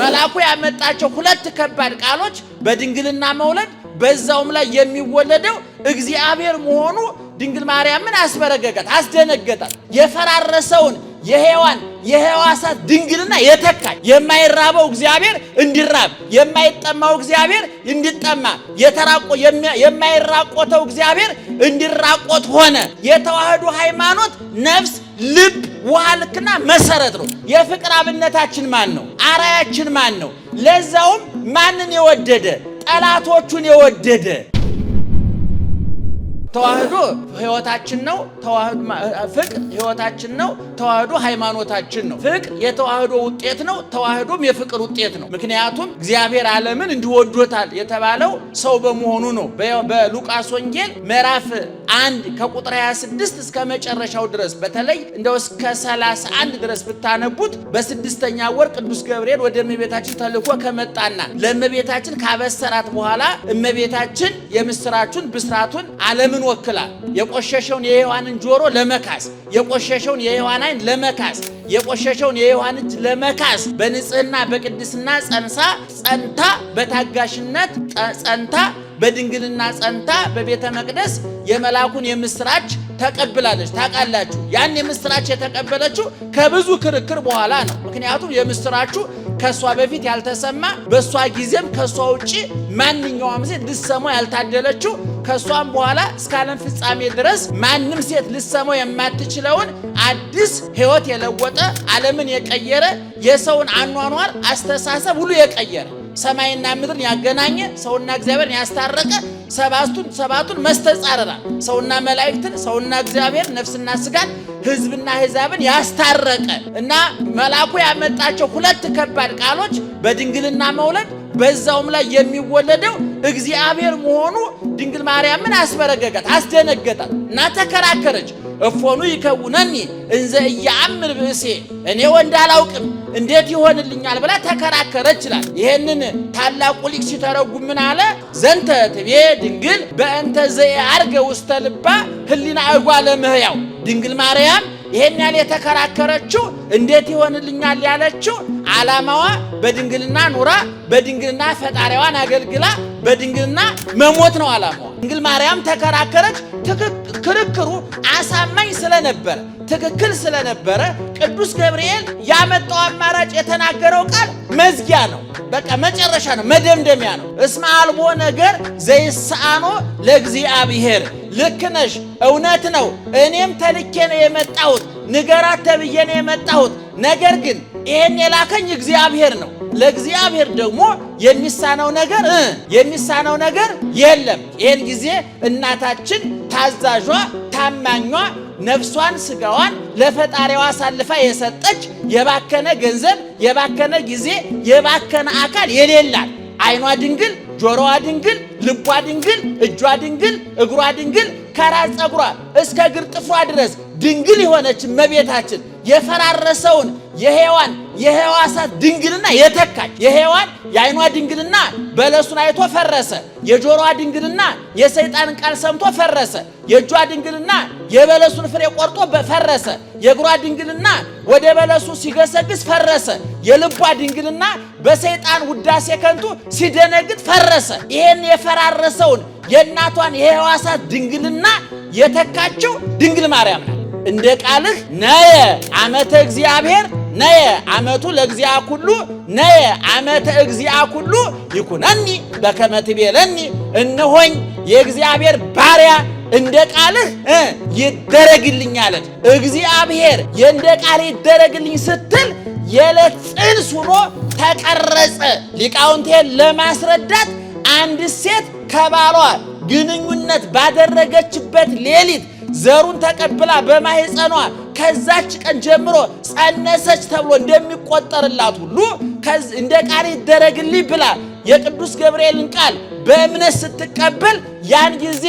መልአኩ ያመጣቸው ሁለት ከባድ ቃሎች በድንግልና መውለድ፣ በዛውም ላይ የሚወለደው እግዚአብሔር መሆኑ ድንግል ማርያምን አስበረገጋት፣ አስደነገጣት። የፈራረሰውን የሔዋን የሕዋሳት ድንግልና የተካ የማይራበው እግዚአብሔር እንዲራብ፣ የማይጠማው እግዚአብሔር እንዲጠማ፣ የማይራቆተው እግዚአብሔር እንዲራቆት ሆነ። የተዋህዶ ሃይማኖት ነፍስ ልብ ዋልክና መሰረት ነው። የፍቅር አብነታችን ማን ነው? አራያችን ማን ነው? ለዛውም ማንን የወደደ ጠላቶቹን የወደደ ተዋህዶ ህይወታችን ነው። ፍቅር ህይወታችን ነው። ተዋህዶ ሃይማኖታችን ነው። ፍቅር የተዋህዶ ውጤት ነው። ተዋህዶም የፍቅር ውጤት ነው። ምክንያቱም እግዚአብሔር ዓለምን እንዲወዶታል የተባለው ሰው በመሆኑ ነው። በሉቃስ ወንጌል ምዕራፍ አንድ ከቁጥር 26 እስከ መጨረሻው ድረስ በተለይ እንደው እስከ 31 ድረስ ብታነቡት በስድስተኛ ወር ቅዱስ ገብርኤል ወደ እመቤታችን ተልኮ ከመጣና ለእመቤታችን ካበሰራት በኋላ እመቤታችን የምስራቹን ብስራቱን ዓለምን ይወክላል። የቆሸሸውን የሔዋንን ጆሮ ለመካስ፣ የቆሸሸውን የሔዋን አይን ለመካስ፣ የቆሸሸውን የሔዋን እጅ ለመካስ በንጽህና በቅድስና ጸንሳ ጸንታ በታጋሽነት ጸንታ በድንግልና ጸንታ በቤተ መቅደስ የመልአኩን የምስራች ተቀብላለች። ታውቃላችሁ፣ ያን የምስራች የተቀበለችው ከብዙ ክርክር በኋላ ነው። ምክንያቱም የምስራቹ ከእሷ በፊት ያልተሰማ በእሷ ጊዜም ከእሷ ውጭ ማንኛውም ሴት ልትሰማው ያልታደለችው ከእሷም በኋላ እስከ ዓለም ፍጻሜ ድረስ ማንም ሴት ልሰሞ የማትችለውን አዲስ ህይወት የለወጠ ዓለምን የቀየረ የሰውን አኗኗር አስተሳሰብ ሁሉ የቀየረ ሰማይና ምድርን ያገናኘ ሰውና እግዚአብሔርን ያስታረቀ ሰባቱን ሰባቱን መስተጻረራ ሰውና መላእክትን ሰውና እግዚአብሔር ነፍስና ስጋን ህዝብና ህዛብን ያስታረቀ እና መልአኩ ያመጣቸው ሁለት ከባድ ቃሎች በድንግልና መውለድ በዛውም ላይ የሚወለደው እግዚአብሔር መሆኑ ድንግል ማርያምን አስበረገጋት፣ አስደነገጣት እና ተከራከረች። እፎኑ ይከውነኒ እንዘ እያአምን ብእሴ እኔ ወንድ አላውቅም እንዴት ይሆንልኛል ብላ ተከራከረች ይላል። ይሄንን ታላቁ ሊቅ ሲተረጉም ምን አለ? ዘንተ ትቤ ድንግል በእንተ ዘየ አርገ ውስተ ልባ ህሊና እጓለ ምህያው ድንግል ማርያም ይሄን ያህል የተከራከረችው እንዴት ይሆንልኛል ያለችው ዓላማዋ በድንግልና ኑራ በድንግልና ፈጣሪዋን አገልግላ በድንግልና መሞት ነው ዓላማዋ። ድንግል ማርያም ተከራከረች። ትክክል ክርክሩ አሳማኝ ስለነበረ ትክክል ስለነበረ ቅዱስ ገብርኤል ያመጣው አማራጭ የተናገረው ቃል መዝጊያ ነው። በቃ መጨረሻ ነው፣ መደምደሚያ ነው። እስመ አልቦ ነገር ዘይስአኖ ለእግዚአብሔር። ልክ ነሽ፣ እውነት ነው። እኔም ተልኬ ነው የመጣሁት፣ ንገራት ተብዬ ነው የመጣሁት። ነገር ግን ይሄን የላከኝ እግዚአብሔር ነው። ለእግዚአብሔር ደግሞ የሚሳነው ነገር የሚሳነው ነገር የለም። ይህን ጊዜ እናታችን ታዛዧ፣ ታማኟ ነፍሷን ስጋዋን ለፈጣሪዋ አሳልፋ የሰጠች የባከነ ገንዘብ፣ የባከነ ጊዜ፣ የባከነ አካል የሌላት አይኗ ድንግል፣ ጆሮዋ ድንግል፣ ልቧ ድንግል፣ እጇ ድንግል፣ እግሯ ድንግል ከራስ ጸጉሯ እስከ እግር ጥፍሯ ድረስ ድንግል የሆነች እመቤታችን የፈራረሰውን የሔዋን የሔዋሳት ድንግልና የተካች የሔዋን የአይኗ ድንግልና በለሱን አይቶ ፈረሰ። የጆሮዋ ድንግልና የሰይጣንን ቃል ሰምቶ ፈረሰ። የእጇ ድንግልና የበለሱን ፍሬ ቆርጦ ፈረሰ። የእግሯ ድንግልና ወደ በለሱ ሲገሰግስ ፈረሰ። የልቧ ድንግልና በሰይጣን ውዳሴ ከንቱ ሲደነግጥ ፈረሰ። ይሄን የፈራረሰውን የእናቷን የህዋሳት ድንግልና የተካቸው ድንግል ማርያም ናት። እንደ ቃልህ ነየ አመተ እግዚአብሔር ነየ አመቱ ለእግዚአ ኩሉ ነየ አመተ እግዚአ ኩሉ ይኩነኒ በከመ ትቤለኒ እንሆኝ የእግዚአብሔር ባሪያ እንደ ቃልህ ይደረግልኝ አለች። እግዚአብሔር የእንደ ቃል ይደረግልኝ ስትል የዕለት ጽንስ ሆኖ ተቀረጸ። ሊቃውንቴን ለማስረዳት አንድ ሴት ከባሏ ግንኙነት ባደረገችበት ሌሊት ዘሩን ተቀብላ በማህፀኗ ከዛች ቀን ጀምሮ ጸነሰች ተብሎ እንደሚቆጠርላት ሁሉ እንደ ቃል ይደረግልኝ ብላ የቅዱስ ገብርኤልን ቃል በእምነት ስትቀበል ያን ጊዜ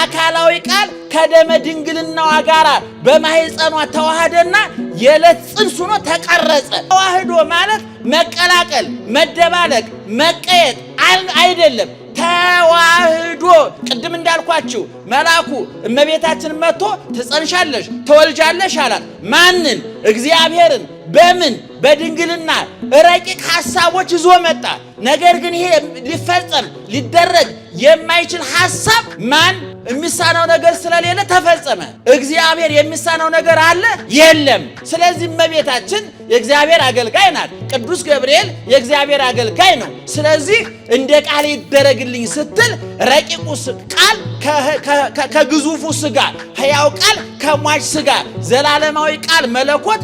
አካላዊ ቃል ከደመ ድንግልናዋ ጋር በማህፀኗ ተዋህደና የዕለት ጽንስ ሆኖ ተቀረጸ። ተዋህዶ ማለት መቀላቀል፣ መደባለቅ፣ መቀየጥ አይደለም። ተዋህዶ ቅድም እንዳልኳችሁ መልአኩ እመቤታችን መጥቶ ትጸንሻለሽ ተወልጃለሽ አላት። ማንን? እግዚአብሔርን። በምን? በድንግልና ረቂቅ ሐሳቦች ይዞ መጣ። ነገር ግን ይሄ ሊፈጸም ሊደረግ የማይችል ሐሳብ ማን የሚሳነው ነገር ስለሌለ ተፈጸመ። እግዚአብሔር የሚሳነው ነገር አለ የለም። ስለዚህ እመቤታችን የእግዚአብሔር አገልጋይ ናት። ቅዱስ ገብርኤል የእግዚአብሔር አገልጋይ ነው። ስለዚህ እንደ ቃል ይደረግልኝ ስትል ረቂቁ ቃል ከግዙፉ ስጋ፣ ሕያው ቃል ከሟች ስጋ ዘላለማዊ ቃል መለኮት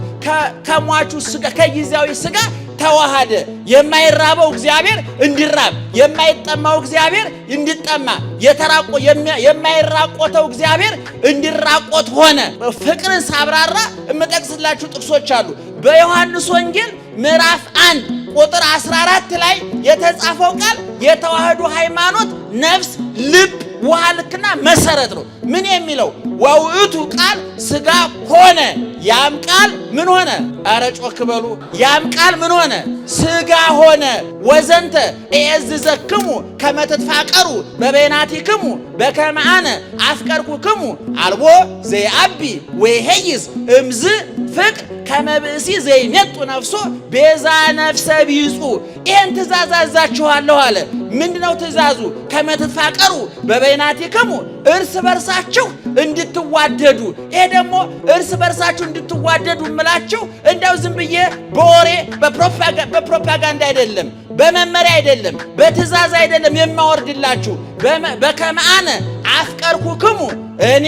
ከሟቹ ስጋ ከጊዜያዊ ስጋ ተዋሃደ። የማይራበው እግዚአብሔር እንዲራብ፣ የማይጠማው እግዚአብሔር እንዲጠማ፣ የማይራቆተው እግዚአብሔር እንዲራቆት ሆነ። ፍቅርን ሳብራራ የምጠቅስላችሁ ጥቅሶች አሉ። በዮሐንስ ወንጌል ምዕራፍ አንድ ቁጥር 14 ላይ የተጻፈው ቃል የተዋህዶ ሃይማኖት ነፍስ፣ ልብ፣ ውሃ ልክና መሰረት ነው። ምን የሚለው ወውእቱ ቃል ስጋ ሆነ። ያም ቃል ምን ሆነ? አረ ጮክ በሉ። ያም ቃል ምን ሆነ? ስጋ ሆነ። ወዘንተ እየዝዘክሙ ከመ ትትፋቀሩ በበይናቲክሙ በከመ አነ አፍቀርኩክሙ አልቦ ዘይአቢ ወይሄይዝ እምዝ ፍቅ ከመ ብእሲ ዘይሜጡ ነፍሶ ቤዛ ነፍሰ ቢጹ ይህን ትእዛዝ አዛችኋለሁ አለ። ምንድነው ትእዛዙ? ከመትፋቀሩ በበይናቲክሙ እርስ በርሳችሁ እንድትዋደዱ። ይሄ ደግሞ እርስ በርሳችሁ እንድትዋደዱ እምላችሁ እንደው ዝም ብዬ በወሬ በፕሮፓጋንዳ አይደለም፣ በመመሪያ አይደለም፣ በትእዛዝ አይደለም የማወርድላችሁ በከመአነ አፍቀርኩክሙ እኔ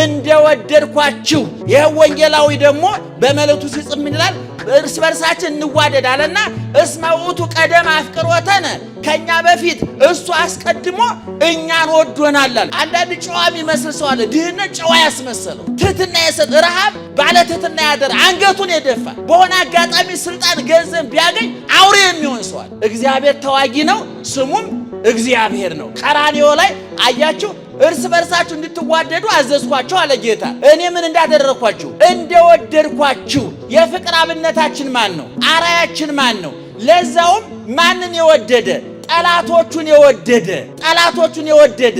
እንደወደድኳችሁ። ይህ ወንጌላዊ ደግሞ በመልእክቱ ሲጽፍ ምን ይላል? እርስ በርሳችን እንዋደድ አለና እስመ ውእቱ ቀደመ አፍቅሮተነ፣ ከእኛ በፊት እሱ አስቀድሞ እኛን ወዶናላል። አንዳንድ ጨዋ የሚመስል ሰው አለ። ድህነት ጨዋ ያስመሰለው ትህትና የሰጥ ረሃብ ባለ ትህትና ያደረ አንገቱን የደፋ በሆነ አጋጣሚ ስልጣን፣ ገንዘብ ቢያገኝ አውሬ የሚሆን ሰዋል። እግዚአብሔር ተዋጊ ነው፣ ስሙም እግዚአብሔር ነው። ቀራንዮ ላይ አያችሁ እርስ በርሳችሁ እንድትዋደዱ አዘዝኳችሁ አለ ጌታ። እኔ ምን እንዳደረግኳችሁ እንደወደድኳችሁ። የፍቅር አብነታችን ማን ነው? አራያችን ማን ነው? ለዛውም ማንን የወደደ ጠላቶቹን የወደደ ጠላቶቹን የወደደ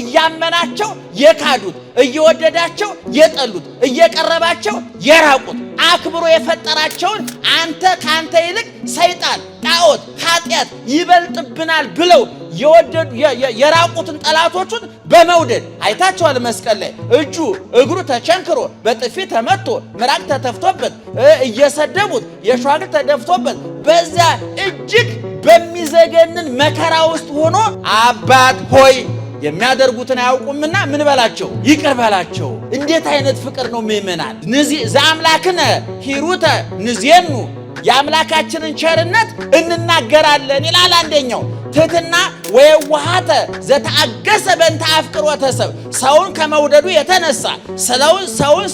እያመናቸው የካዱት እየወደዳቸው የጠሉት እየቀረባቸው የራቁት አክብሮ የፈጠራቸውን አንተ ከአንተ ይልቅ ሰይጣን፣ ጣዖት፣ ኃጢአት ይበልጥብናል ብለው የወደዱ የራቁትን ጠላቶቹን በመውደድ አይታቸዋል። መስቀል ላይ እጁ እግሩ ተቸንክሮ በጥፊ ተመቶ ምራቅ ተተፍቶበት እየሰደቡት የሸዋግል ተደፍቶበት በዚያ እጅግ በሚዘገንን መከራ ውስጥ ሆኖ አባት ሆይ የሚያደርጉትን አያውቁምና ምን በላቸው ይቅር በላቸው። እንዴት አይነት ፍቅር ነው ምእመናን! ዘአምላክነ ሂሩተ ንዜኑ የአምላካችንን ቸርነት እንናገራለን ይላል አንደኛው ትህትና ወየዋሃተ ዘተአገሰ በእንተ አፍቅሮተ ሰብ ሰውን ከመውደዱ የተነሳ ሰውን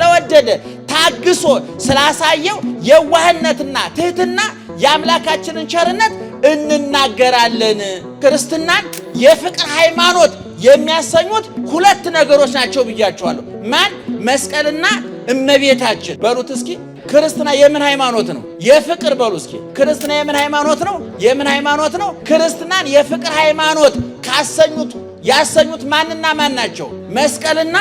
ስለወደደ ታግሶ ስላሳየው የዋህነትና ትህትና የአምላካችንን ቸርነት እንናገራለን። ክርስትናን የፍቅር ሃይማኖት የሚያሰኙት ሁለት ነገሮች ናቸው ብያቸዋለሁ። ማን መስቀልና እመቤታችን በሉት እስኪ ክርስትና የምን ሃይማኖት ነው? የፍቅር በሉ እስኪ። ክርስትና የምን ሃይማኖት ነው? የምን ሃይማኖት ነው? ክርስትናን የፍቅር ሃይማኖት ካሰኙት ያሰኙት ማንና ማን ናቸው? መስቀልና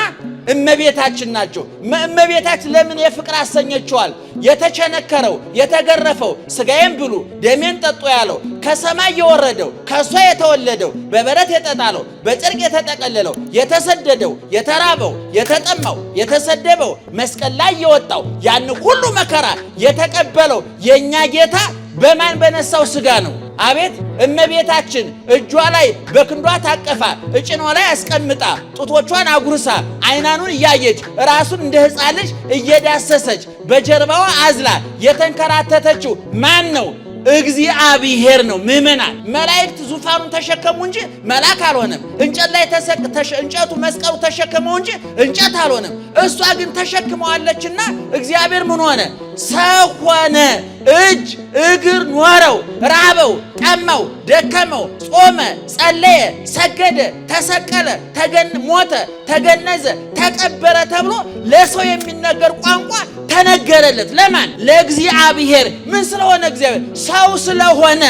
እመቤታችን ናቸው። እመቤታችን ለምን የፍቅር አሰኘችዋል? የተቸነከረው የተገረፈው ስጋዬን ብሉ ደሜን ጠጡ ያለው ከሰማይ የወረደው ከእሷ የተወለደው በበረት የተጣለው በጨርቅ የተጠቀለለው የተሰደደው የተራበው የተጠማው የተሰደበው መስቀል ላይ የወጣው ያን ሁሉ መከራ የተቀበለው የእኛ ጌታ በማን በነሳው ስጋ ነው? አቤት እመቤታችን እጇ ላይ በክንዷ ታቀፋ፣ እጭኗ ላይ አስቀምጣ፣ ጡቶቿን አጉርሳ፣ አይናኑን እያየች ራሱን እንደ ሕፃን ልጅ እየዳሰሰች በጀርባዋ አዝላ የተንከራተተችው ማን ነው? እግዚአብሔር ነው። ምእመናን መላእክት ዙፋኑን ተሸከሙ እንጂ መልአክ አልሆነም። እንጨት ላይ እንጨቱ መስቀሉ ተሸከመው እንጂ እንጨት አልሆነም። እሷ ግን ተሸክመዋለችና እግዚአብሔር ምን ሆነ? ሰው ሆነ። እጅ እግር ኖረው፣ ራበው፣ ጠማው፣ ደከመው፣ ጾመ፣ ጸለየ፣ ሰገደ፣ ተሰቀለ፣ ሞተ፣ ተገነዘ፣ ተቀበረ ተብሎ ለሰው የሚነገር ቋንቋ ተነገረለት። ለማን? ለእግዚአብሔር። ምን ስለሆነ? እግዚአብሔር ሰው ስለሆነ።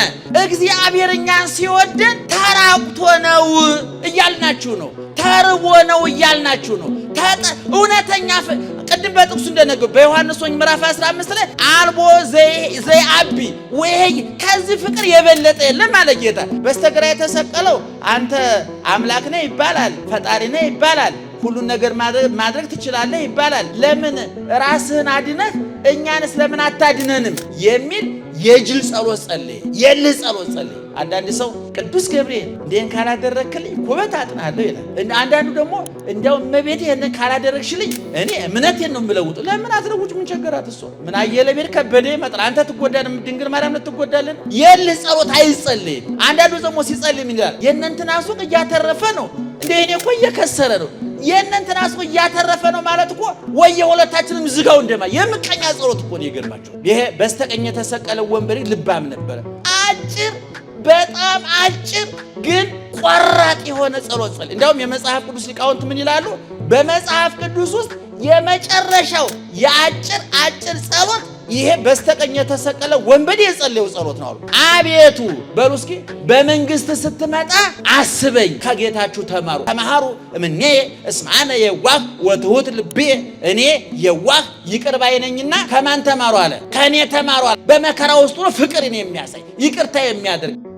እግዚአብሔር እኛን ሲወደን ተራቁቶ ነው እያልናችሁ ነው። ተርቦ ነው እያልናችሁ ነው። እውነተኛ ቅድም በጥቅሱ እንደነገሩ በዮሐንስ ወኝ ምዕራፍ 15 ላይ አልቦ ዘይአቢ ወይ ከዚህ ፍቅር የበለጠ የለም አለ ጌታ። በስተግራ የተሰቀለው አንተ አምላክ ነህ ይባላል፣ ፈጣሪ ነህ ይባላል ሁሉን ነገር ማድረግ ትችላለህ ይባላል። ለምን ራስህን አድነህ እኛንስ ለምን አታድነንም የሚል የጅል ጸሎት ጸልይ፣ የልህ ጸሎት ጸልይ። አንዳንድ ሰው ቅዱስ ገብርኤል እንዲህን ካላደረግክልኝ ኩበት አጥናለሁ ይላል። አንዳንዱ ደግሞ እንዲያው እመቤቴ ይህን ካላደረግሽልኝ እኔ እምነቴን ነው የምለውጡ። ለምን አትለውጭ? ምን ቸገራት? እሷ ምን አየለ ቤት ከበደ መጥራ አንተ ትጎዳል፣ ድንግል ማርያም ትጎዳለን። የልህ ጸሎት አይጸልይም። አንዳንዱ ደግሞ ሲጸልይ ይላል? የእነ እንትና ሱቅ እያተረፈ ነው እንደ እኔ እኮ እየከሰረ ነው ይህንን ትናስሩ እያተረፈ ነው ማለት እኮ ወየ ሁለታችንም ዝጋው እንደማ የምቀኛ ጸሎት እኮ ነው የገርማቸው። ይሄ በስተቀኝ የተሰቀለው ወንበዴ ልባም ነበረ። አጭር በጣም አጭር ግን ቆራጥ የሆነ ጸሎት ጸል እንዲያውም የመጽሐፍ ቅዱስ ሊቃውንት ምን ይላሉ? በመጽሐፍ ቅዱስ ውስጥ የመጨረሻው የአጭር አጭር ጸሎት ይሄ በስተቀኝ የተሰቀለ ወንበዴ የጸለየው ጸሎት ነው አሉ። አቤቱ በሉ እስኪ በመንግስት ስትመጣ አስበኝ፣ ከጌታችሁ ተማሩ። ተማሃሩ እምኔ እስማነ የዋህ ወትሁት ልቤ፣ እኔ የዋህ ይቅር ባይ ከማን ተማሩ አለ? ከእኔ ተማሩ አለ። በመከራ ውስጥ ነው ፍቅርን የሚያሳይ ይቅርታ የሚያደርግ